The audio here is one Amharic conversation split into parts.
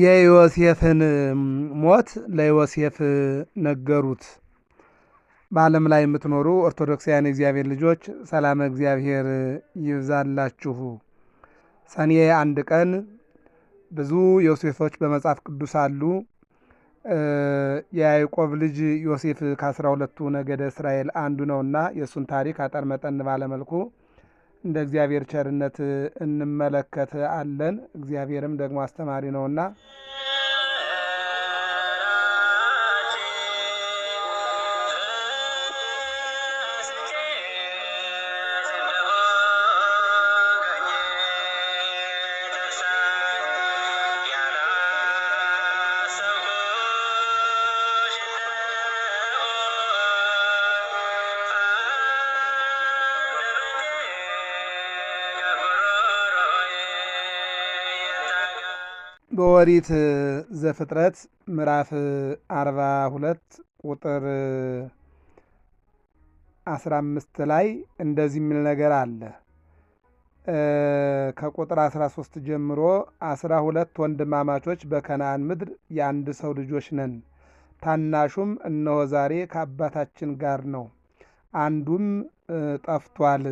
የዮሴፍን ሞት ለዮሴፍ ነገሩት። በዓለም ላይ የምትኖሩ ኦርቶዶክሳውያን እግዚአብሔር ልጆች ሰላም እግዚአብሔር ይብዛላችሁ። ሰኔ አንድ ቀን ብዙ ዮሴፎች በመጽሐፍ ቅዱስ አሉ። የያዕቆብ ልጅ ዮሴፍ ከአስራ ሁለቱ ነገደ እስራኤል አንዱ ነውና የእሱን ታሪክ አጠር መጠን ባለመልኩ እንደ እግዚአብሔር ቸርነት እንመለከት አለን። እግዚአብሔርም ደግሞ አስተማሪ ነውና በኦሪት ዘፍጥረት ምዕራፍ አርባ ሁለት ቁጥር አስራ አምስት ላይ እንደዚህ የሚል ነገር አለ። ከቁጥር አስራ ሶስት ጀምሮ አስራ ሁለት ወንድማማቾች በከነአን ምድር የአንድ ሰው ልጆች ነን፣ ታናሹም እነሆ ዛሬ ከአባታችን ጋር ነው፣ አንዱም ጠፍቷል፣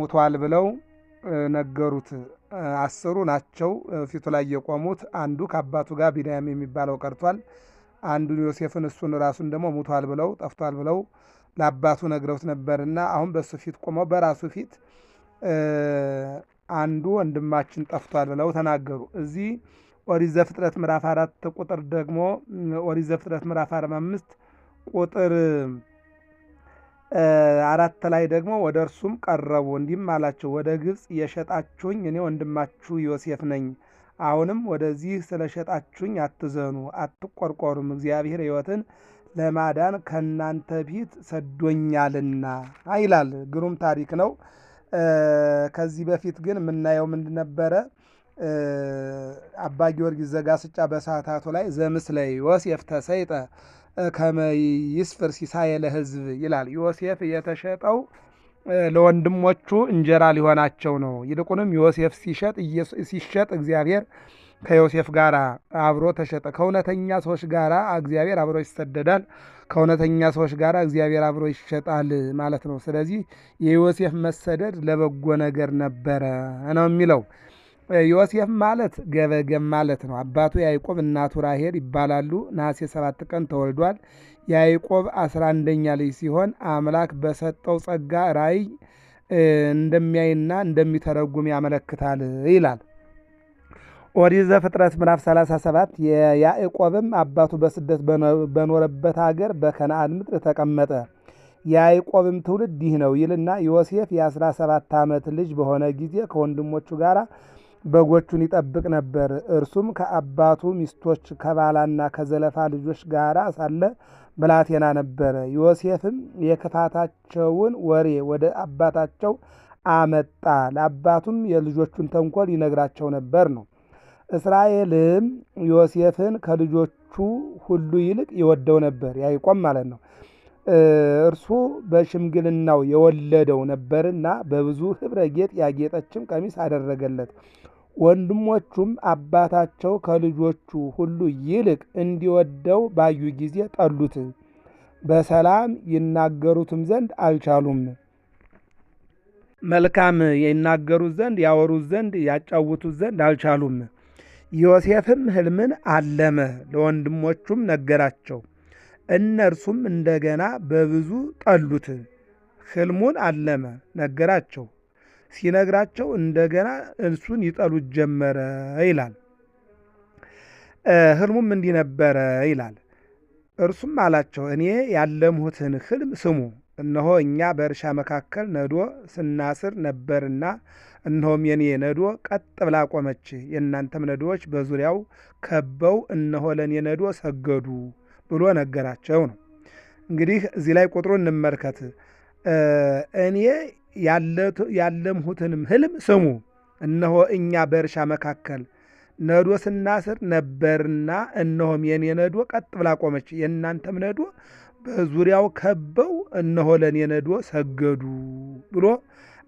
ሙቷል ብለው ነገሩት። አስሩ ናቸው ፊቱ ላይ የቆሙት። አንዱ ከአባቱ ጋር ቢንያም የሚባለው ቀርቷል። አንዱን ዮሴፍን እሱን ራሱን ደግሞ ሙቷል ብለው ጠፍቷል ብለው ለአባቱ ነግረውት ነበርና አሁን በእሱ ፊት ቆመው በራሱ ፊት አንዱ ወንድማችን ጠፍቷል ብለው ተናገሩ። እዚህ ኦሪት ዘፍጥረት ምዕራፍ አራት ቁጥር ደግሞ ኦሪት ዘፍጥረት ምዕራፍ አርባ አምስት ቁጥር አራት ላይ ደግሞ ወደ እርሱም ቀረቡ እንዲህም አላቸው፣ ወደ ግብፅ የሸጣችሁኝ እኔ ወንድማችሁ ዮሴፍ ነኝ። አሁንም ወደዚህ ስለ ሸጣችሁኝ አትዘኑ፣ አትቆርቆሩም፣ እግዚአብሔር ሕይወትን ለማዳን ከእናንተ ፊት ሰዶኛልና ይላል። ግሩም ታሪክ ነው። ከዚህ በፊት ግን የምናየው ምንድን ነበረ? አባ ጊዮርጊስ ዘጋስጫ በሰዓታቱ ላይ ዘምስለ ዮሴፍ ተሰይጠ ከመይስፍር ሲሳየ ለሕዝብ ይላል። ዮሴፍ የተሸጠው ለወንድሞቹ እንጀራ ሊሆናቸው ነው። ይልቁንም ዮሴፍ ሲሸጥ እግዚአብሔር ከዮሴፍ ጋር አብሮ ተሸጠ። ከእውነተኛ ሰዎች ጋር እግዚአብሔር አብሮ ይሰደዳል። ከእውነተኛ ሰዎች ጋር እግዚአብሔር አብሮ ይሸጣል ማለት ነው። ስለዚህ የዮሴፍ መሰደድ ለበጎ ነገር ነበረ ነው የሚለው ዮሴፍ ማለት ገበገም ማለት ነው። አባቱ ያዕቆብ እናቱ ራሄል ይባላሉ። ነሐሴ ሰባት ቀን ተወልዷል። ያዕቆብ አስራ አንደኛ ልጅ ሲሆን አምላክ በሰጠው ጸጋ ራእይ እንደሚያይና እንደሚተረጉም ያመለክታል ይላል ኦሪት ዘፍጥረት ምዕራፍ 37 የያዕቆብም አባቱ በስደት በኖረበት አገር በከነአን ምድር ተቀመጠ። የያዕቆብም ትውልድ ይህ ነው ይልና ዮሴፍ የ17 ዓመት ልጅ በሆነ ጊዜ ከወንድሞቹ ጋር በጎቹን ይጠብቅ ነበር። እርሱም ከአባቱ ሚስቶች ከባላና ከዘለፋ ልጆች ጋር ሳለ ብላቴና ነበረ። ዮሴፍም የክፋታቸውን ወሬ ወደ አባታቸው አመጣ። ለአባቱም የልጆቹን ተንኮል ይነግራቸው ነበር ነው። እስራኤልም ዮሴፍን ከልጆቹ ሁሉ ይልቅ ይወደው ነበር፣ ያይቆም ማለት ነው። እርሱ በሽምግልናው የወለደው ነበርና በብዙ ኅብረ ጌጥ ያጌጠችም ቀሚስ አደረገለት። ወንድሞቹም አባታቸው ከልጆቹ ሁሉ ይልቅ እንዲወደው ባዩ ጊዜ ጠሉት፣ በሰላም ይናገሩትም ዘንድ አልቻሉም። መልካም ይናገሩት ዘንድ ያወሩት ዘንድ ያጫውቱት ዘንድ አልቻሉም። ዮሴፍም ሕልምን አለመ፣ ለወንድሞቹም ነገራቸው። እነርሱም እንደገና በብዙ ጠሉት። ሕልሙን አለመ ነገራቸው። ሲነግራቸው እንደገና እሱን ይጠሉት ጀመረ ይላል። ህልሙም እንዲህ ነበረ ይላል። እርሱም አላቸው እኔ ያለምሁትን ህልም ስሙ። እነሆ እኛ በእርሻ መካከል ነዶ ስናስር ነበርና፣ እነሆም የኔ ነዶ ቀጥ ብላ ቆመች። የእናንተም ነዶዎች በዙሪያው ከበው እነሆ ለእኔ ነዶ ሰገዱ ብሎ ነገራቸው ነው። እንግዲህ እዚህ ላይ ቁጥሩ እንመልከት። እኔ ያለምሁትንም ህልም ስሙ። እነሆ እኛ በእርሻ መካከል ነዶ ስናስር ነበርና፣ እነሆም የኔ ነዶ ቀጥ ብላ ቆመች፣ የእናንተም ነዶ በዙሪያው ከበው፣ እነሆ ለእኔ ነዶ ሰገዱ ብሎ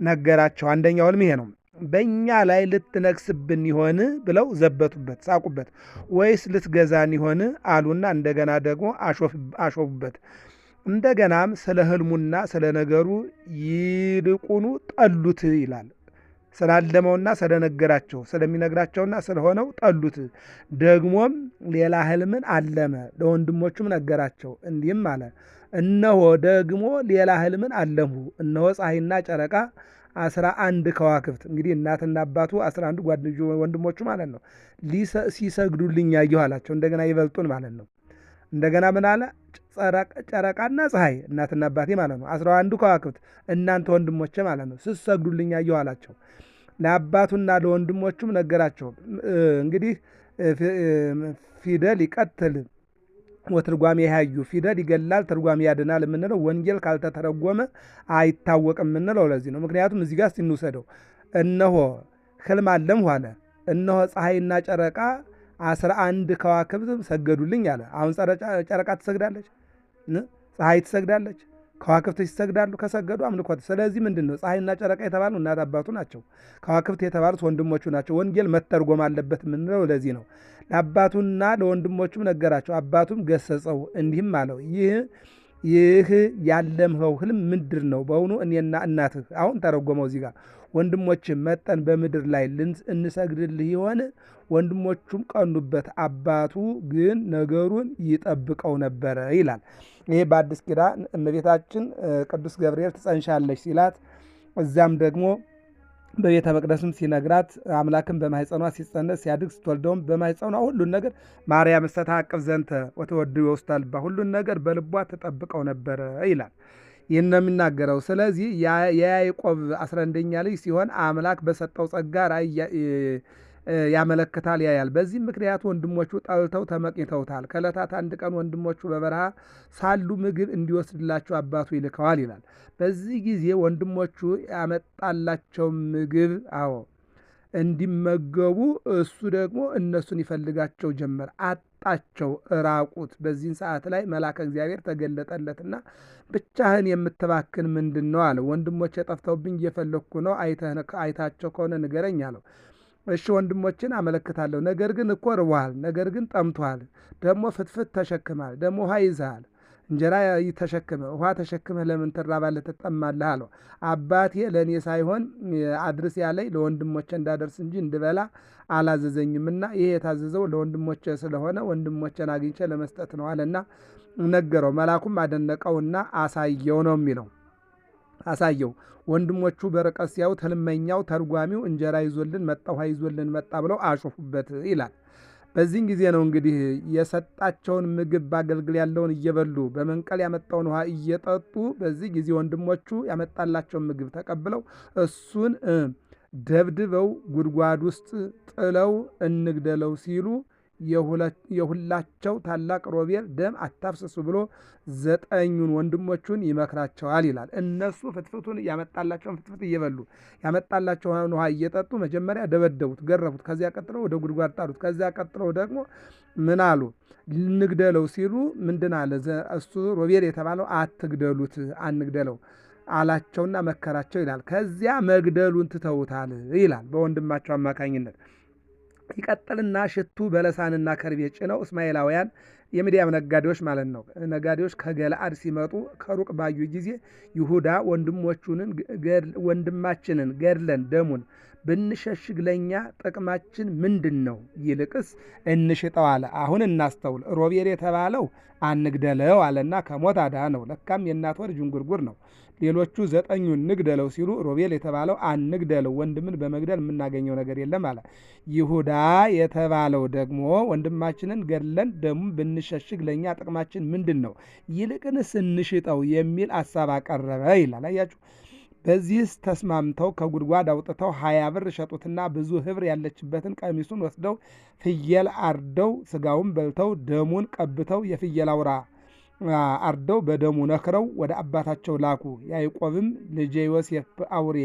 ነገራቸው። አንደኛው ህልም ይሄ ነው። በእኛ ላይ ልትነግስብን ይሆን ብለው ዘበቱበት፣ ሳቁበት። ወይስ ልትገዛን ይሆን አሉና እንደገና ደግሞ አሾፉበት። እንደገናም ስለ ህልሙና ስለ ነገሩ ይልቁኑ ጠሉት ይላል። ስላለመውና ስለነገራቸው ስለሚነግራቸውና ስለሆነው ጠሉት። ደግሞም ሌላ ህልምን አለመ፣ ለወንድሞቹም ነገራቸው። እንዲህም አለ፣ እነሆ ደግሞ ሌላ ህልምን አለምሁ። እነሆ ፀሐይና ጨረቃ አስራ አንድ ከዋክብት እንግዲህ እናትና አባቱ አስራ አንዱ ወንድሞቹ ማለት ነው ሲሰግዱልኝ ያየኋላቸው። እንደገና ይበልጡን ማለት ነው። እንደገና ምን አለ ጨረቃና ፀሐይ እናትና አባቴ ማለት ነው። አስራ አንዱ ከዋክብት እናንተ ወንድሞቼ ማለት ነው። ስሰግዱልኝ አየሁ አላቸው። ለአባቱና ለወንድሞቹም ነገራቸው። እንግዲህ ፊደል ይቀትል ወትርጓሜ ያዩ ፊደል ይገላል ትርጓሜ ያድናል የምንለው ወንጌል ካልተተረጎመ አይታወቅም የምንለው ለዚህ ነው። ምክንያቱም እዚህ ጋር ስንውሰደው እነሆ ህልም አለም እነሆ ፀሐይና ጨረቃ አስራ አንድ ከዋክብት ሰገዱልኝ አለ። አሁን ጨረቃ ትሰግዳለች? ፀሐይ ትሰግዳለች፣ ከዋክብት ይሰግዳሉ፣ ከሰገዱ አምልኮት። ስለዚህ ምንድን ነው ፀሐይና ጨረቃ የተባሉ እናት አባቱ ናቸው። ከዋክብት የተባሉት ወንድሞቹ ናቸው። ወንጌል መተርጎም አለበት የምንለው ለዚህ ነው። ለአባቱና ለወንድሞቹም ነገራቸው፣ አባቱም ገሰጸው፣ እንዲህም አለው ይህ ይህ ያለምኸው ህልም ምንድር ነው? በውኑ እኔና እናትህ አሁን ተረጎመው እዚህ ጋር ወንድሞች መጠን በምድር ላይ ልንስ እንሰግድልህ ይሆን? ወንድሞቹም ቀኑበት፣ አባቱ ግን ነገሩን ይጠብቀው ነበረ ይላል። ይሄ በአዲስ ኪዳን እመቤታችን ቅዱስ ገብርኤል ትጸንሻለች ሲላት፣ እዚያም ደግሞ በቤተ መቅደስም ሲነግራት አምላክን በማሕፀኗ ሲጸነ ሲያድግ ስትወልደውም በማሕፀኗ ሁሉን ነገር ማርያም አቅፍ ዘንተ ወተወድዮ ውስተ ልባ ሁሉን ነገር በልቧ ተጠብቀው ነበረ ይላል። ይህን ነው የሚናገረው። ስለዚህ የያዕቆብ አስራ አንደኛ ልጅ ሲሆን አምላክ በሰጠው ጸጋ ራእይ ያመለክታል፣ ያያል። በዚህም ምክንያት ወንድሞቹ ጠልተው ተመቅኝተውታል። ከዕለታት አንድ ቀን ወንድሞቹ በበረሃ ሳሉ ምግብ እንዲወስድላቸው አባቱ ይልከዋል ይላል። በዚህ ጊዜ ወንድሞቹ ያመጣላቸው ምግብ አዎ እንዲመገቡ እሱ ደግሞ እነሱን ይፈልጋቸው ጀመር። አጣቸው፣ ራቁት። በዚህን ሰዓት ላይ መልአከ እግዚአብሔር ተገለጠለትና ብቻህን የምትባክን ምንድን ነው አለ። ወንድሞቼ ጠፍተውብኝ እየፈለግኩ ነው፣ አይታቸው ከሆነ ንገረኝ አለው። እሺ ወንድሞችን አመለክታለሁ። ነገር ግን እኮ ነገር ግን ጠምቷል ደግሞ ፍትፍት ተሸክመሃል፣ ደግሞ ውሃ ይዘሃል፣ እንጀራ ተሸክመ፣ ውሃ ተሸክመህ ለምን ትራባለህ ትጠማለህ? አለው። አባቴ ለእኔ ሳይሆን አድርስ ያለኝ ለወንድሞቼ እንዳደርስ እንጂ እንድበላ አላዘዘኝምና ይሄ የታዘዘው ለወንድሞቼ ስለሆነ ወንድሞቼን አግኝቼ ለመስጠት ነው አለና ነገረው። መልአኩም አደነቀውና አሳየው ነው የሚለው። አሳየው። ወንድሞቹ በርቀት ሲያዩት ሕልመኛው ተርጓሚው እንጀራ ይዞልን መጣ፣ ውሃ ይዞልን መጣ ብለው አሾፉበት ይላል። በዚህን ጊዜ ነው እንግዲህ የሰጣቸውን ምግብ በአገልግል ያለውን እየበሉ በመንቀል ያመጣውን ውሃ እየጠጡ በዚህ ጊዜ ወንድሞቹ ያመጣላቸውን ምግብ ተቀብለው እሱን ደብድበው ጉድጓድ ውስጥ ጥለው እንግደለው ሲሉ የሁላቸው ታላቅ ሮቤል ደም አታፍስሱ ብሎ ዘጠኙን ወንድሞቹን ይመክራቸዋል ይላል። እነሱ ፍትፍቱን ያመጣላቸውን ፍትፍት እየበሉ ያመጣላቸውን ውሃ እየጠጡ መጀመሪያ ደበደቡት፣ ገረፉት። ከዚያ ቀጥሎ ወደ ጉድጓድ ጣሉት። ከዚያ ቀጥሎ ደግሞ ምን አሉ? ልንግደለው ሲሉ ምንድን አለ እሱ ሮቤል የተባለው አትግደሉት፣ አንግደለው አላቸውና መከራቸው ይላል። ከዚያ መግደሉን ትተውታል ይላል በወንድማቸው አማካኝነት ይቀጥልና ሽቱ በለሳንና ከርቤ ጭነው እስማኤላውያን የምድያም ነጋዴዎች ማለት ነው። ነጋዴዎች ከገለአድ ሲመጡ ከሩቅ ባዩ ጊዜ ይሁዳ ወንድሞቹንን ወንድማችንን ገድለን ደሙን ብንሸሽግ ለእኛ ጥቅማችን ምንድን ነው? ይልቅስ እንሽጠው አለ። አሁን እናስተውል። ሮቤል የተባለው አንግደለው አለና ከሞት አዳ ነው። ለካም የእናት ወር ዥንጉርጉር ነው። ሌሎቹ ዘጠኙን ንግደለው ሲሉ ሮቤል የተባለው አንግደለው፣ ወንድምን በመግደል የምናገኘው ነገር የለም አለ። ይሁዳ የተባለው ደግሞ ወንድማችንን ገድለን ደሙን ብንሸሽግ ለእኛ ጥቅማችን ምንድን ነው? ይልቅን ስንሽጠው የሚል አሳብ አቀረበ ይላል። አያችሁ። በዚህስ ተስማምተው ከጉድጓድ አውጥተው ሀያ ብር ሸጡትና ብዙ ህብር ያለችበትን ቀሚሱን ወስደው ፍየል አርደው ስጋውን በልተው ደሙን ቀብተው የፍየል አውራ አርደው በደሙ ነክረው ወደ አባታቸው ላኩ። ያዕቆብም ልጄ ዮሴፍ አውሬ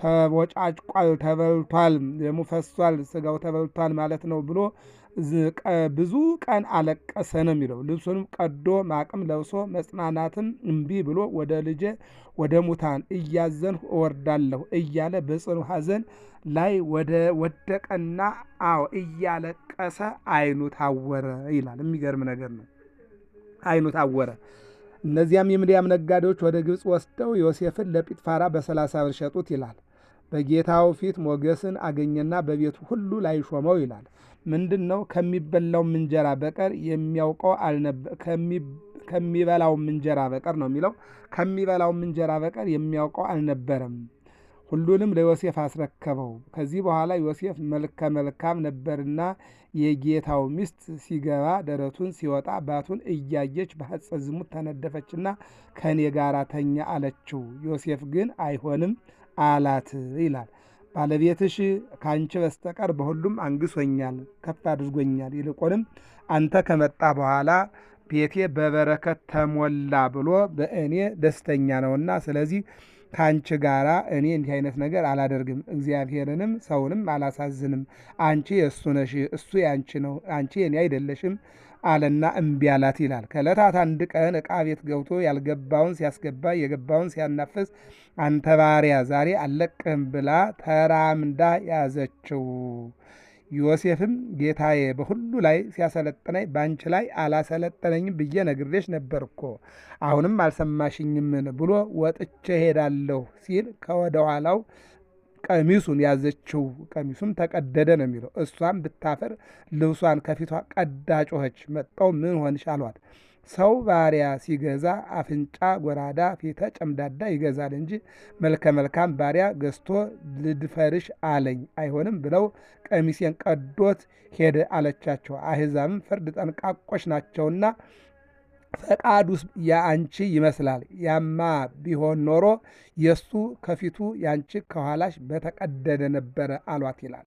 ተቦጫጭቋል፣ ተበልቷል፣ ደሙ ፈሷል፣ ስጋው ተበልቷል ማለት ነው ብሎ ብዙ ቀን አለቀሰ ነው የሚለው። ልብሱንም ቀዶ ማቅም ለብሶ መጽናናትን እምቢ ብሎ ወደ ልጄ ወደ ሙታን እያዘንሁ እወርዳለሁ እያለ በጽኑ ሐዘን ላይ ወደ ወደቀና፣ አዎ እያለቀሰ አይኑ ታወረ ይላል። የሚገርም ነገር ነው። ዓይኑ ታወረ። እነዚያም የምድያም ነጋዴዎች ወደ ግብፅ ወስደው ዮሴፍን ለጲጥፋራ በሰላሳ ብር ሸጡት ይላል። በጌታው ፊት ሞገስን አገኘና በቤቱ ሁሉ ላይ ሾመው ይላል። ምንድን ነው? ከሚበላው እንጀራ በቀር የሚያውቀው ከሚበላው እንጀራ በቀር ነው የሚለው። ከሚበላው እንጀራ በቀር የሚያውቀው አልነበረም። ሁሉንም ለዮሴፍ አስረከበው። ከዚህ በኋላ ዮሴፍ መልከ መልካም ነበርና የጌታው ሚስት ሲገባ ደረቱን ሲወጣ ባቱን እያየች በሐጸ ዝሙት ተነደፈችና ከኔ ጋር ተኛ አለችው። ዮሴፍ ግን አይሆንም አላት ይላል። ባለቤትሽ ከአንቺ በስተቀር በሁሉም አንግሶኛል፣ ከፍ አድርጎኛል። ይልቁንም አንተ ከመጣ በኋላ ቤቴ በበረከት ተሞላ ብሎ በእኔ ደስተኛ ነውና ስለዚህ ከአንቺ ጋራ እኔ እንዲህ አይነት ነገር አላደርግም፣ እግዚአብሔርንም ሰውንም አላሳዝንም። አንቺ የእሱ ነሽ፣ እሱ የአንቺ ነው፣ አንቺ የኔ አይደለሽም አለና እምቢ አላት ይላል። ከዕለታት አንድ ቀን ዕቃ ቤት ገብቶ ያልገባውን ሲያስገባ የገባውን ሲያናፍስ አንተ ባሪያ ዛሬ አለቅህም ብላ ተራምዳ ያዘችው። ዮሴፍም ጌታዬ በሁሉ ላይ ሲያሰለጥነኝ በአንቺ ላይ አላሰለጠነኝም ብዬ ነግሬሽ ነበር እኮ አሁንም አልሰማሽኝምን ብሎ ወጥቼ ሄዳለሁ ሲል ከወደኋላው ቀሚሱን ያዘችው። ቀሚሱም ተቀደደ ነው የሚለው። እሷም ብታፈር ልብሷን ከፊቷ ቀዳ ጮኸች። መጠው ምን ሆንሽ አሏት። ሰው ባሪያ ሲገዛ አፍንጫ ጎራዳ፣ ፊተ ጨምዳዳ ይገዛል እንጂ መልከ መልካም ባሪያ ገዝቶ ልድፈርሽ አለኝ አይሆንም ብለው ቀሚሴን ቀዶት ሄደ አለቻቸው። አሕዛብም ፍርድ ጠንቃቆች ናቸውና ፈቃዱስ የአንቺ ይመስላል። ያማ ቢሆን ኖሮ የእሱ ከፊቱ ያንቺ ከኋላሽ በተቀደደ ነበረ አሏት ይላል።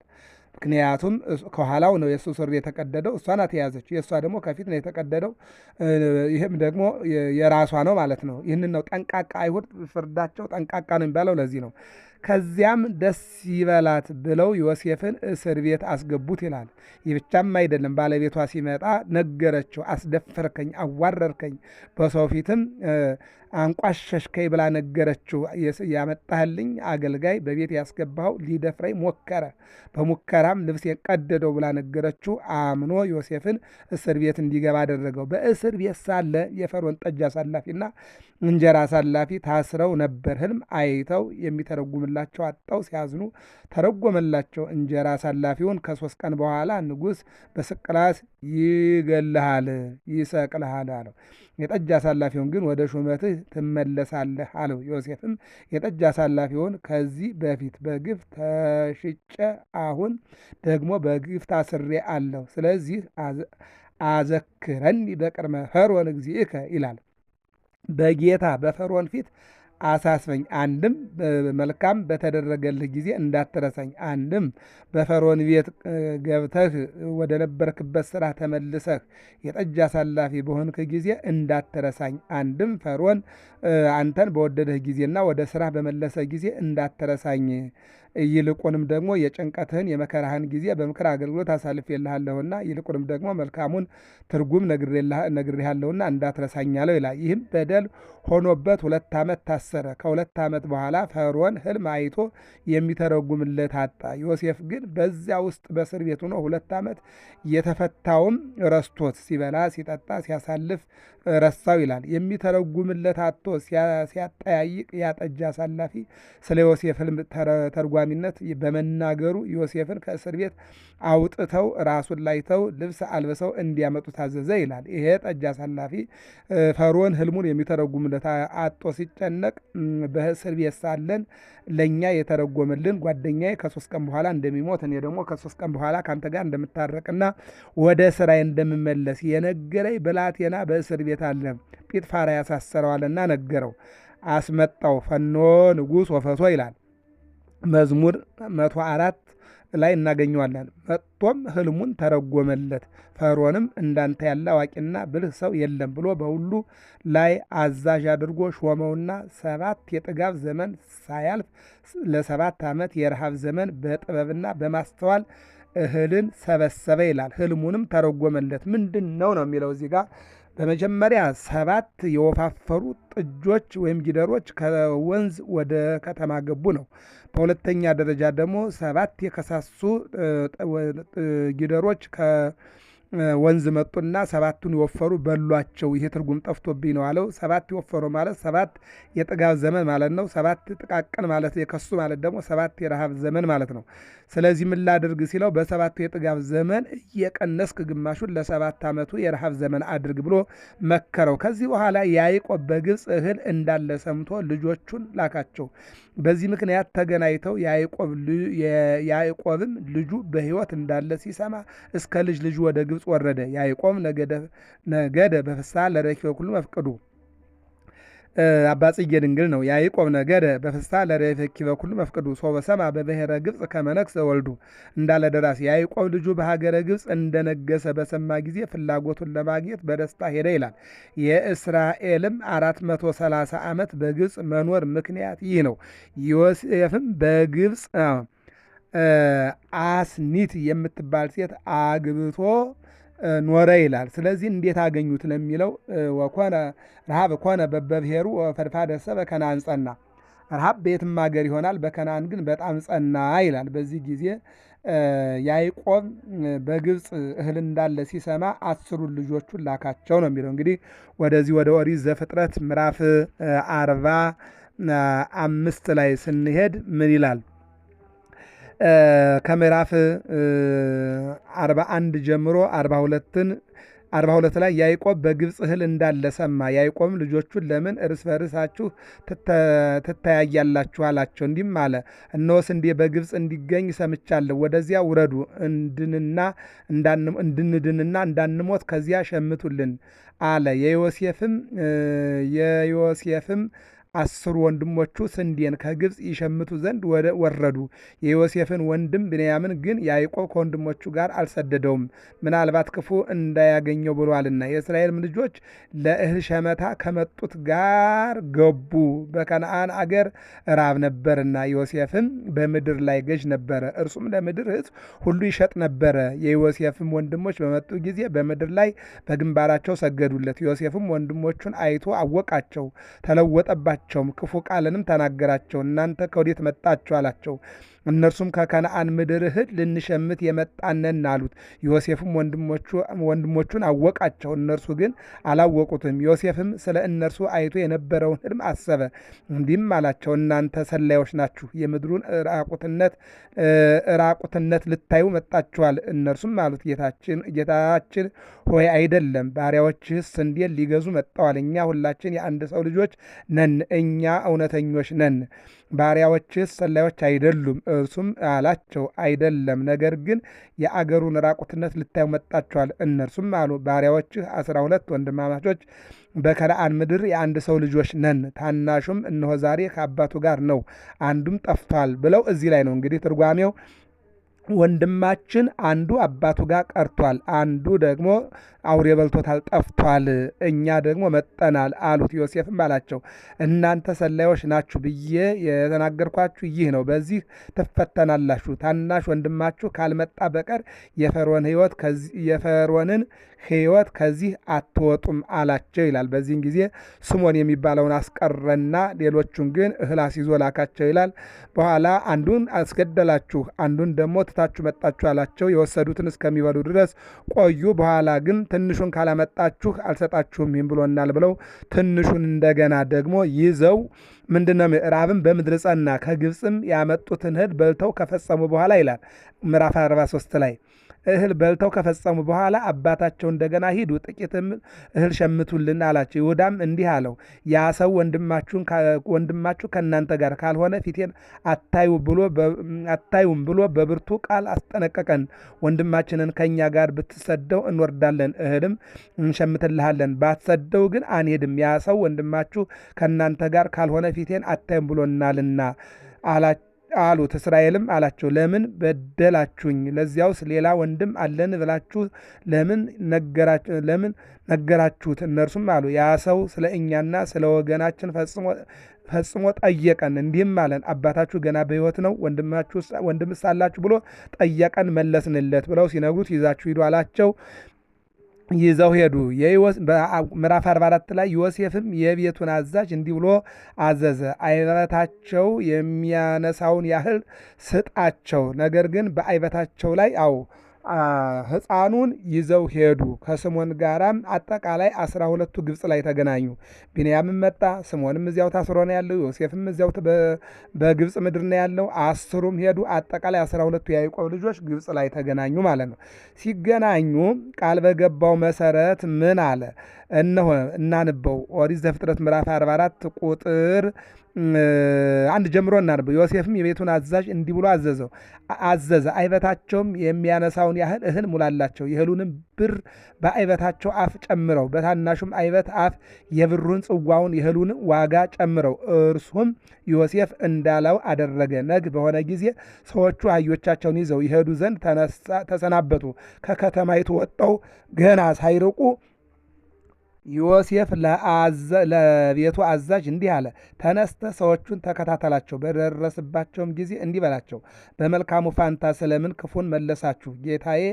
ምክንያቱም ከኋላው ነው የእሱ ስር የተቀደደው፣ እሷ ናት የያዘች፣ የእሷ ደግሞ ከፊት ነው የተቀደደው። ይህም ደግሞ የራሷ ነው ማለት ነው። ይህንን ነው ጠንቃቃ አይሁድ ፍርዳቸው ጠንቃቃ ነው የሚባለው ለዚህ ነው። ከዚያም ደስ ይበላት ብለው ዮሴፍን እስር ቤት አስገቡት ይላል። ይህ ብቻም አይደለም። ባለቤቷ ሲመጣ ነገረችው። አስደፈርከኝ፣ አዋረርከኝ፣ በሰው ፊትም አንቋሸሽከኝ ብላ ነገረችው። ያመጣህልኝ አገልጋይ በቤት ያስገባው ሊደፍረኝ ሞከረ፣ በሙከራም ልብስ ቀደደው ብላ ነገረችው። አምኖ ዮሴፍን እስር ቤት እንዲገባ አደረገው። በእስር ቤት ሳለ የፈርዖን ጠጅ አሳላፊና እንጀራ አሳላፊ ታስረው ነበር። ህልም አይተው የሚተረጉምላ ሲወጣላቸው አጣው ሲያዝኑ ተረጎመላቸው። እንጀራ አሳላፊውን ከሶስት ቀን በኋላ ንጉሥ በስቅላስ ይገልሃል፣ ይሰቅልሃል አለው። የጠጅ አሳላፊውን ግን ወደ ሹመትህ ትመለሳለህ አለው። ዮሴፍም የጠጅ አሳላፊውን ከዚህ በፊት በግፍ ተሽጨ አሁን ደግሞ በግፍ ታስሬ አለው። ስለዚህ አዘክረኒ በቅድመ ፈርዖን እግዚእከ ይላል። በጌታ በፈርዖን ፊት አሳስበኝ አንድም መልካም በተደረገልህ ጊዜ እንዳትረሳኝ፣ አንድም በፈርዖን ቤት ገብተህ ወደ ነበርክበት ስራ ተመልሰህ የጠጅ አሳላፊ በሆንክ ጊዜ እንዳትረሳኝ፣ አንድም ፈርዖን አንተን በወደደህ ጊዜና ወደ ስራ በመለሰ ጊዜ እንዳትረሳኝ ይልቁንም ደግሞ የጭንቀትህን የመከራህን ጊዜ በምክር አገልግሎት አሳልፌልሃለሁና ይልቁንም ደግሞ መልካሙን ትርጉም ነግሬሃለሁና እንዳትረሳኝ አለው ይላል። ይህም በደል ሆኖበት ሁለት ዓመት ታሰረ። ከሁለት ዓመት በኋላ ፈርዖን ህልም አይቶ የሚተረጉምለት አጣ። ዮሴፍ ግን በዚያ ውስጥ በእስር ቤት ሆኖ ሁለት ዓመት የተፈታውም ረስቶት ሲበላ፣ ሲጠጣ፣ ሲያሳልፍ ረሳው ይላል። የሚተረጉምለት አጥቶ ሲያጠያይቅ ያጠጅ አሳላፊ ስለ ዮሴፍ ህልም ተርጓሚ በተፈጻሚነት በመናገሩ ዮሴፍን ከእስር ቤት አውጥተው ራሱን ላይተው ልብስ አልብሰው እንዲያመጡ ታዘዘ ይላል። ይሄ ጠጅ አሳላፊ ፈርዖን ህልሙን የሚተረጉምለት አጦ ሲጨነቅ በእስር ቤት ሳለን ለእኛ የተረጎመልን ጓደኛዬ ከሶስት ቀን በኋላ እንደሚሞት እኔ ደግሞ ከሶስት ቀን በኋላ ከአንተ ጋር እንደምታረቅና ወደ ስራዬ እንደምመለስ የነገረኝ ብላቴና በእስር ቤት አለ ጲጥፋራ ያሳሰረዋልና ነገረው። አስመጣው ፈኖ ንጉሥ ወፈሶ ይላል። መዝሙር መቶ አራት ላይ እናገኘዋለን። መጥቶም ህልሙን ተረጎመለት። ፈርዖንም እንዳንተ ያለ አዋቂና ብልህ ሰው የለም ብሎ በሁሉ ላይ አዛዥ አድርጎ ሾመውና ሰባት የጥጋብ ዘመን ሳያልፍ ለሰባት ዓመት የረሃብ ዘመን በጥበብና በማስተዋል እህልን ሰበሰበ ይላል። ህልሙንም ተረጎመለት። ምንድን ነው ነው የሚለው እዚህ ጋር በመጀመሪያ ሰባት የወፋፈሩ ጥጆች ወይም ጊደሮች ከወንዝ ወደ ከተማ ገቡ ነው። በሁለተኛ ደረጃ ደግሞ ሰባት የከሳሱ ጊደሮች ወንዝ መጡና ሰባቱን የወፈሩ በሏቸው። ይሄ ትርጉም ጠፍቶብኝ ነው አለው። ሰባት የወፈሩ ማለት ሰባት የጥጋብ ዘመን ማለት ነው። ሰባት ጥቃቅን ማለት የከሱ ማለት ደግሞ ሰባት የረሃብ ዘመን ማለት ነው። ስለዚህ ምን ላድርግ ሲለው በሰባቱ የጥጋብ ዘመን እየቀነስክ ግማሹን ለሰባት ዓመቱ የረሃብ ዘመን አድርግ ብሎ መከረው። ከዚህ በኋላ ያዕቆብ በግብፅ እህል እንዳለ ሰምቶ ልጆቹን ላካቸው። በዚህ ምክንያት ተገናኝተው ያዕቆብም ልጁ በሕይወት እንዳለ ሲሰማ እስከ ልጅ ልጁ ወደ ግብፅ ግብፅ ወረደ። ያዕቆብ ነገደ በፍስሐ ለረኪበ በኩሉ መፍቅዱ አባ ድንግል ነው። ያዕቆብ ነገደ በፍስሐ ለረኪበ በኩሉ መፍቅዱ ሶበ ሰማ በብሔረ ግብፅ ከመነግሠ ወልዱ እንዳለ ደራሲ ያዕቆብ ልጁ በሀገረ ግብፅ እንደነገሰ በሰማ ጊዜ ፍላጎቱን ለማግኘት በደስታ ሄደ ይላል። የእስራኤልም አራት መቶ ሰላሳ ዓመት በግብፅ መኖር ምክንያት ይህ ነው። ዮሴፍም በግብፅ አስኒት የምትባል ሴት አግብቶ ኖረ ይላል። ስለዚህ እንዴት አገኙት ለሚለው ወኮነ ረሃብ ኮነ በበብሔሩ ፈድፋደ ሰበ ከነአን ጸና። ረሃብ በየትም ሀገር ይሆናል፣ በከነአን ግን በጣም ጸና ይላል። በዚህ ጊዜ ያዕቆብ በግብፅ እህል እንዳለ ሲሰማ አስሩን ልጆቹን ላካቸው ነው የሚለው። እንግዲህ ወደዚህ ወደ ኦሪት ዘፍጥረት ምዕራፍ አርባ አምስት ላይ ስንሄድ ምን ይላል? ከምዕራፍ 41 ጀምሮ 42ን 42 ላይ ያዕቆብ በግብፅ እህል እንዳለ ሰማ። ያዕቆብም ልጆቹን ለምን እርስ በርሳችሁ ትተያያላችሁ? አላቸው። እንዲህም አለ፣ እነሆ ስንዴ በግብፅ እንዲገኝ ሰምቻለሁ። ወደዚያ ውረዱ፣ እንድንድንና እንዳንሞት ከዚያ ሸምቱልን አለ። የዮሴፍም የዮሴፍም አስሩ ወንድሞቹ ስንዴን ከግብፅ ይሸምቱ ዘንድ ወረዱ። የዮሴፍን ወንድም ብንያምን ግን ያዕቆብ ከወንድሞቹ ጋር አልሰደደውም፣ ምናልባት ክፉ እንዳያገኘው ብሏልና። የእስራኤልም ልጆች ለእህል ሸመታ ከመጡት ጋር ገቡ፣ በከነአን አገር ራብ ነበርና። ዮሴፍም በምድር ላይ ገዥ ነበረ፣ እርሱም ለምድር ሕዝብ ሁሉ ይሸጥ ነበረ። የዮሴፍም ወንድሞች በመጡ ጊዜ በምድር ላይ በግንባራቸው ሰገዱለት። ዮሴፍም ወንድሞቹን አይቶ አወቃቸው፣ ተለወጠባቸው አላቸውም። ክፉ ቃልንም ተናገራቸው። እናንተ ከወዴት መጣችሁ አላቸው። እነርሱም ከከነአን ምድር እህል ልንሸምት የመጣነን አሉት። ዮሴፍም ወንድሞቹን አወቃቸው፣ እነርሱ ግን አላወቁትም። ዮሴፍም ስለ እነርሱ አይቶ የነበረውን ህልም አሰበ፣ እንዲህም አላቸው፣ እናንተ ሰላዮች ናችሁ፣ የምድሩን ራቁትነት ልታዩ መጣችኋል። እነርሱም አሉት፣ ጌታችን ሆይ አይደለም፣ ባሪያዎችህስ ስንዴን ሊገዙ መጥተዋል። እኛ ሁላችን የአንድ ሰው ልጆች ነን፣ እኛ እውነተኞች ነን። ባሪያዎችህስ ሰላዮች አይደሉም። እርሱም አላቸው አይደለም፣ ነገር ግን የአገሩን ራቁትነት ልታዩ መጣችኋል። እነርሱም አሉ ባሪያዎችህ አስራ ሁለት ወንድማማቾች በከነዓን ምድር የአንድ ሰው ልጆች ነን፣ ታናሹም እነሆ ዛሬ ከአባቱ ጋር ነው፣ አንዱም ጠፍቷል ብለው እዚህ ላይ ነው እንግዲህ ትርጓሜው ወንድማችን አንዱ አባቱ ጋር ቀርቷል፣ አንዱ ደግሞ አውሬ በልቶታል ጠፍቷል፣ እኛ ደግሞ መጠናል አሉት። ዮሴፍም አላቸው እናንተ ሰላዮች ናችሁ ብዬ የተናገርኳችሁ ይህ ነው። በዚህ ትፈተናላችሁ። ታናሽ ወንድማችሁ ካልመጣ በቀር የፈርዖን ሕይወት የፈርዖንን ሕይወት ከዚህ አትወጡም አላቸው ይላል። በዚህን ጊዜ ስሞን የሚባለውን አስቀረና ሌሎቹን ግን እህል አስይዞ ላካቸው ይላል። በኋላ አንዱን አስገደላችሁ፣ አንዱን ደግሞ ትታችሁ መጣችሁ አላቸው። የወሰዱትን እስከሚበሉ ድረስ ቆዩ። በኋላ ግን ትንሹን ካላመጣችሁ አልሰጣችሁም ይህም ብሎናል ብለው ትንሹን እንደገና ደግሞ ይዘው ምንድነው ምዕራብን በምድር ጸና ከግብፅም ያመጡትን እህል በልተው ከፈጸሙ በኋላ ይላል ምዕራፍ 43 ላይ እህል በልተው ከፈጸሙ በኋላ አባታቸው እንደገና ሂዱ፣ ጥቂትም እህል ሸምቱልን አላቸው። ይሁዳም እንዲህ አለው፣ ያ ሰው ወንድማችሁ ከእናንተ ጋር ካልሆነ ፊቴን አታዩም ብሎ በብርቱ ቃል አስጠነቀቀን። ወንድማችንን ከእኛ ጋር ብትሰደው እንወርዳለን፣ እህልም እንሸምትልሃለን። ባትሰደው ግን አንሄድም። ያ ሰው ወንድማችሁ ከእናንተ ጋር ካልሆነ ፊቴን አታዩም ብሎናልና አላቸው። አሉት። እስራኤልም አላቸው ለምን በደላችሁኝ? ለዚያውስ ሌላ ወንድም አለን ብላችሁ ለምን ለምን ነገራችሁት? እነርሱም አሉ ያ ሰው ስለ እኛና ስለ ወገናችን ፈጽሞ ጠየቀን፣ እንዲህም አለን አባታችሁ ገና በሕይወት ነው? ወንድምስ አላችሁ ብሎ ጠየቀን፣ መለስንለት ብለው ሲነግሩት ይዛችሁ ሂዱ አላቸው። ይዘው ሄዱ። ምዕራፍ 44 ላይ ዮሴፍም የቤቱን አዛዥ እንዲህ ብሎ አዘዘ፣ አይበታቸው የሚያነሳውን ያህል ስጣቸው፣ ነገር ግን በአይበታቸው ላይ አው ሕፃኑን ይዘው ሄዱ። ከስሞን ጋራም አጠቃላይ አስራ ሁለቱ ግብፅ ላይ ተገናኙ። ቢንያምም መጣ፣ ስሞንም እዚያው ታስሮ ነው ያለው፣ ዮሴፍም እዚያው በግብፅ ምድር ነው ያለው። አስሩም ሄዱ። አጠቃላይ አስራ ሁለቱ የያዕቆብ ልጆች ግብፅ ላይ ተገናኙ ማለት ነው። ሲገናኙ ቃል በገባው መሰረት ምን አለ? እነሆ እናንበው ኦሪት ዘፍጥረት ምዕራፍ 44 ቁጥር አንድ ጀምሮ እናንብ። ዮሴፍም የቤቱን አዛዥ እንዲህ ብሎ አዘዘው አዘዘ አይበታቸውም የሚያነሳውን ያህል እህል ሙላላቸው፣ የእህሉንም ብር በአይበታቸው አፍ ጨምረው፣ በታናሹም አይበት አፍ የብሩን ጽዋውን የእህሉን ዋጋ ጨምረው። እርሱም ዮሴፍ እንዳለው አደረገ። ነግ በሆነ ጊዜ ሰዎቹ አህዮቻቸውን ይዘው ይሄዱ ዘንድ ተሰናበቱ። ከከተማይቱ ወጠው ገና ሳይርቁ ዮሴፍ ለቤቱ አዛዥ እንዲህ አለ፣ ተነስተ ሰዎቹን ተከታተላቸው። በደረስባቸውም ጊዜ እንዲህ በላቸው፣ በመልካሙ ፋንታ ስለምን ክፉን መለሳችሁ? ጌታዬ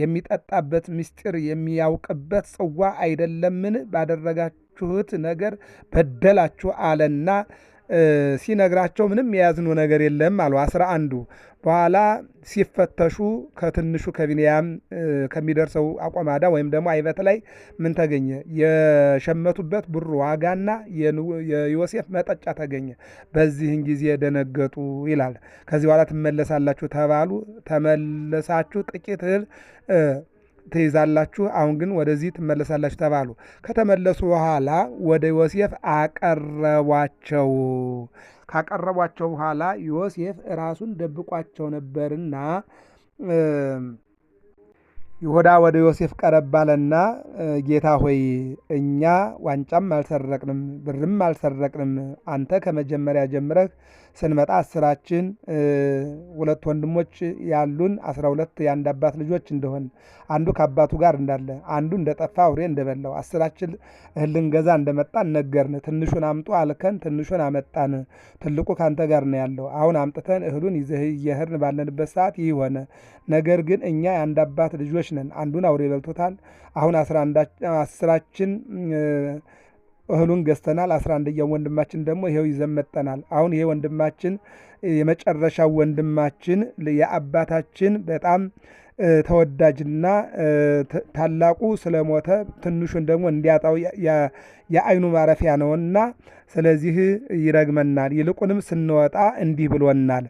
የሚጠጣበት ምስጢር የሚያውቅበት ጽዋ አይደለምን? ባደረጋችሁት ነገር በደላችሁ አለና ሲነግራቸው ምንም የያዝነው ነገር የለም አሉ አስራ አንዱ በኋላ ሲፈተሹ ከትንሹ ከቢንያም ከሚደርሰው አቋማዳ ወይም ደግሞ አይበት ላይ ምን ተገኘ? የሸመቱበት ብሩ ዋጋና የዮሴፍ መጠጫ ተገኘ። በዚህን ጊዜ ደነገጡ ይላል። ከዚህ በኋላ ትመለሳላችሁ ተባሉ። ተመለሳችሁ ጥቂት እህል ትይዛላችሁ፣ አሁን ግን ወደዚህ ትመለሳላችሁ ተባሉ። ከተመለሱ በኋላ ወደ ዮሴፍ አቀረቧቸው። ካቀረቧቸው በኋላ ዮሴፍ ራሱን ደብቋቸው ነበርና ይሁዳ ወደ ዮሴፍ ቀረባለና፣ ጌታ ሆይ እኛ ዋንጫም አልሰረቅንም፣ ብርም አልሰረቅንም። አንተ ከመጀመሪያ ጀምረህ ስንመጣ አስራችን ሁለት ወንድሞች ያሉን አስራ ሁለት የአንድ አባት ልጆች እንደሆን አንዱ ከአባቱ ጋር እንዳለ አንዱ እንደጠፋ አውሬ እንደበላው አስራችን እህል ልንገዛ እንደመጣ ነገርን። ትንሹን አምጡ አልከን፣ ትንሹን አመጣን። ትልቁ ከአንተ ጋር ነው ያለው። አሁን አምጥተን እህሉን ይዘህ እየሄድን ባለንበት ሰዓት ይህ ሆነ። ነገር ግን እኛ የአንድ አባት ልጆች ነን። አንዱን አውሬ በልቶታል። አሁን አስራችን እህሉን ገዝተናል። አስራ አንደኛው ወንድማችን ደግሞ ይሄው ይዘመጠናል። አሁን ይሄ ወንድማችን የመጨረሻው ወንድማችን የአባታችን በጣም ተወዳጅና ታላቁ ስለሞተ ትንሹን ደግሞ እንዲያጣው የአይኑ ማረፊያ ነውና፣ ስለዚህ ይረግመናል። ይልቁንም ስንወጣ እንዲህ ብሎናል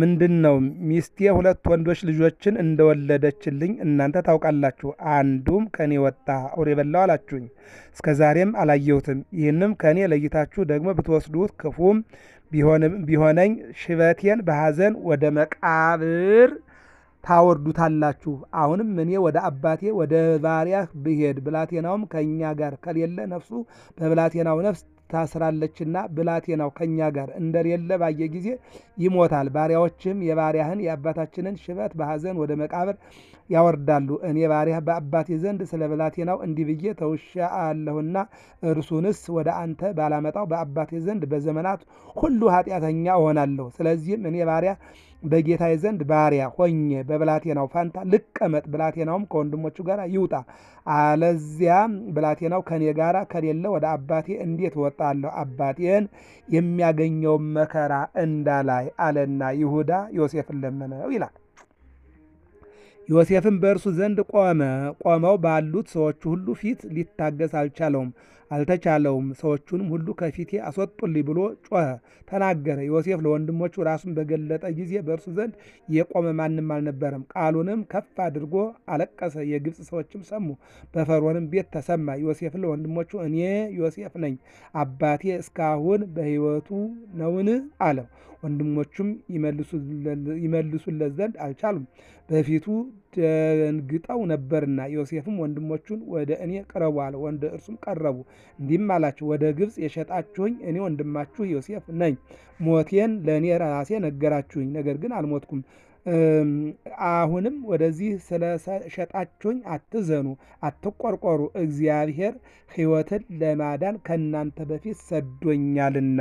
ምንድን ነው ሚስቴ ሁለት ወንዶች ልጆችን እንደወለደችልኝ እናንተ ታውቃላችሁ። አንዱም ከእኔ ወጣ አውሬ በላው አላችሁኝ፣ እስከ ዛሬም አላየሁትም። ይህንም ከእኔ ለይታችሁ ደግሞ ብትወስዱት ክፉም ቢሆነኝ ሽበቴን በሐዘን ወደ መቃብር ታወርዱታላችሁ። አሁንም እኔ ወደ አባቴ ወደ ባሪያህ ብሄድ ብላቴናውም ከእኛ ጋር ከሌለ ነፍሱ በብላቴናው ነፍስ ታስራለችና ብላቴናው ከእኛ ጋር እንደሌለ ባየ ጊዜ ይሞታል። ባሪያዎችም የባሪያህን የአባታችንን ሽበት በሐዘን ወደ መቃብር ያወርዳሉ። እኔ ባሪያህ በአባቴ ዘንድ ስለ ብላቴናው እንዲህ ብዬ አለሁና እርሱንስ ወደ አንተ ባላመጣው በአባቴ ዘንድ በዘመናት ሁሉ ኃጢአተኛ እሆናለሁ። ስለዚህም እኔ ባሪያህ በጌታዬ ዘንድ ባሪያ ሆኜ በብላቴናው ፋንታ ልቀመጥ፣ ብላቴናውም ከወንድሞቹ ጋር ይውጣ። አለዚያ ብላቴናው ከኔ ጋር ከሌለ ወደ አባቴ እንዴት እወጣለሁ? አባቴን የሚያገኘው መከራ እንዳላይ አለና ይሁዳ ዮሴፍን ለመነው ይላል። ዮሴፍም በእርሱ ዘንድ ቆመ። ቆመው ባሉት ሰዎች ሁሉ ፊት ሊታገስ አልቻለውም። አልተቻለውም። ሰዎቹንም ሁሉ ከፊቴ አስወጡልኝ ብሎ ጮኸ፣ ተናገረ። ዮሴፍ ለወንድሞቹ ራሱን በገለጠ ጊዜ በእርሱ ዘንድ የቆመ ማንም አልነበረም። ቃሉንም ከፍ አድርጎ አለቀሰ። የግብፅ ሰዎችም ሰሙ፣ በፈርዖንም ቤት ተሰማ። ዮሴፍ ለወንድሞቹ እኔ ዮሴፍ ነኝ፣ አባቴ እስካሁን በሕይወቱ ነውን? አለው። ወንድሞቹም ይመልሱለት ዘንድ አልቻሉም። በፊቱ ደንግጠው ነበርና ዮሴፍም ወንድሞቹን ወደ እኔ ቅረቡ አለ። ወንድ እርሱም ቀረቡ፣ እንዲህም አላቸው ወደ ግብፅ የሸጣችሁኝ እኔ ወንድማችሁ ዮሴፍ ነኝ። ሞቴን ለእኔ ራሴ ነገራችሁኝ፣ ነገር ግን አልሞትኩም። አሁንም ወደዚህ ስለሸጣችሁኝ አትዘኑ፣ አትቆርቆሩ። እግዚአብሔር ሕይወትን ለማዳን ከእናንተ በፊት ሰዶኛልና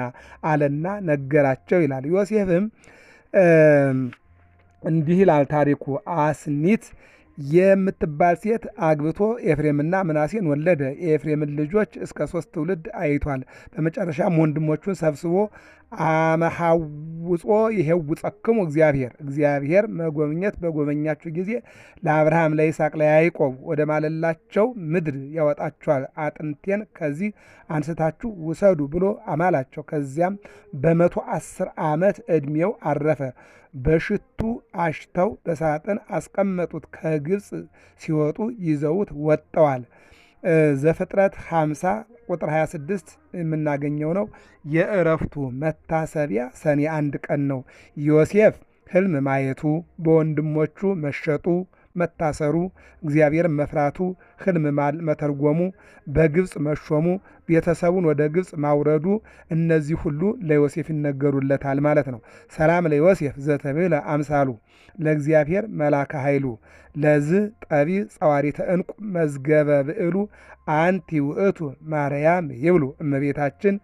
አለና ነገራቸው ይላል ዮሴፍም እንዲህ ይላል ታሪኩ። አስኒት የምትባል ሴት አግብቶ ኤፍሬምና ምናሴን ወለደ። የኤፍሬምን ልጆች እስከ ሶስት ትውልድ አይቷል። በመጨረሻም ወንድሞቹን ሰብስቦ አመሐውጾ ይሄውጸክሙ እግዚአብሔር እግዚአብሔር መጎብኘት በጎበኛችሁ ጊዜ ለአብርሃም ለይስሐቅ ለያዕቆብ ወደ ማለላቸው ምድር ያወጣችኋል። አጥንቴን ከዚህ አንስታችሁ ውሰዱ ብሎ አማላቸው። ከዚያም በመቶ አስር ዓመት ዕድሜው አረፈ። በሽቱ አሽተው በሳጥን አስቀመጡት። ከግብፅ ሲወጡ ይዘውት ወጥተዋል። ዘፍጥረት 50 ቁጥር 26 የምናገኘው ነው። የእረፍቱ መታሰቢያ ሰኔ አንድ ቀን ነው። ዮሴፍ ህልም ማየቱ፣ በወንድሞቹ መሸጡ መታሰሩ፣ እግዚአብሔር መፍራቱ፣ ህልም መተርጎሙ፣ በግብፅ መሾሙ፣ ቤተሰቡን ወደ ግብፅ ማውረዱ፣ እነዚህ ሁሉ ለዮሴፍ ይነገሩለታል ማለት ነው። ሰላም ለዮሴፍ ዘተብለ አምሳሉ ለእግዚአብሔር መላከ ኃይሉ ለዝ ጠቢ ጸዋሪተ ዕንቁ መዝገበ ብዕሉ አንቲ ውእቱ ማርያም ይብሉ። እመቤታችን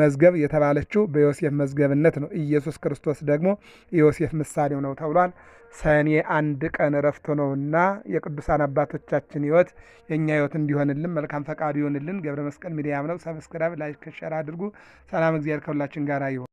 መዝገብ የተባለችው በዮሴፍ መዝገብነት ነው። ኢየሱስ ክርስቶስ ደግሞ የዮሴፍ ምሳሌው ነው ተብሏል። ሰኔ አንድ ቀን እረፍቶ ነውና የቅዱሳን አባቶቻችን ህይወት የእኛ ህይወት እንዲሆንልን መልካም ፈቃዱ ይሆንልን። ገብረ መስቀል ሚዲያም ነው። ሰብስክራይብ፣ ላይክ፣ ሸር አድርጉ። ሰላም፣ እግዚአብሔር ከሁላችን ጋር ይሁን።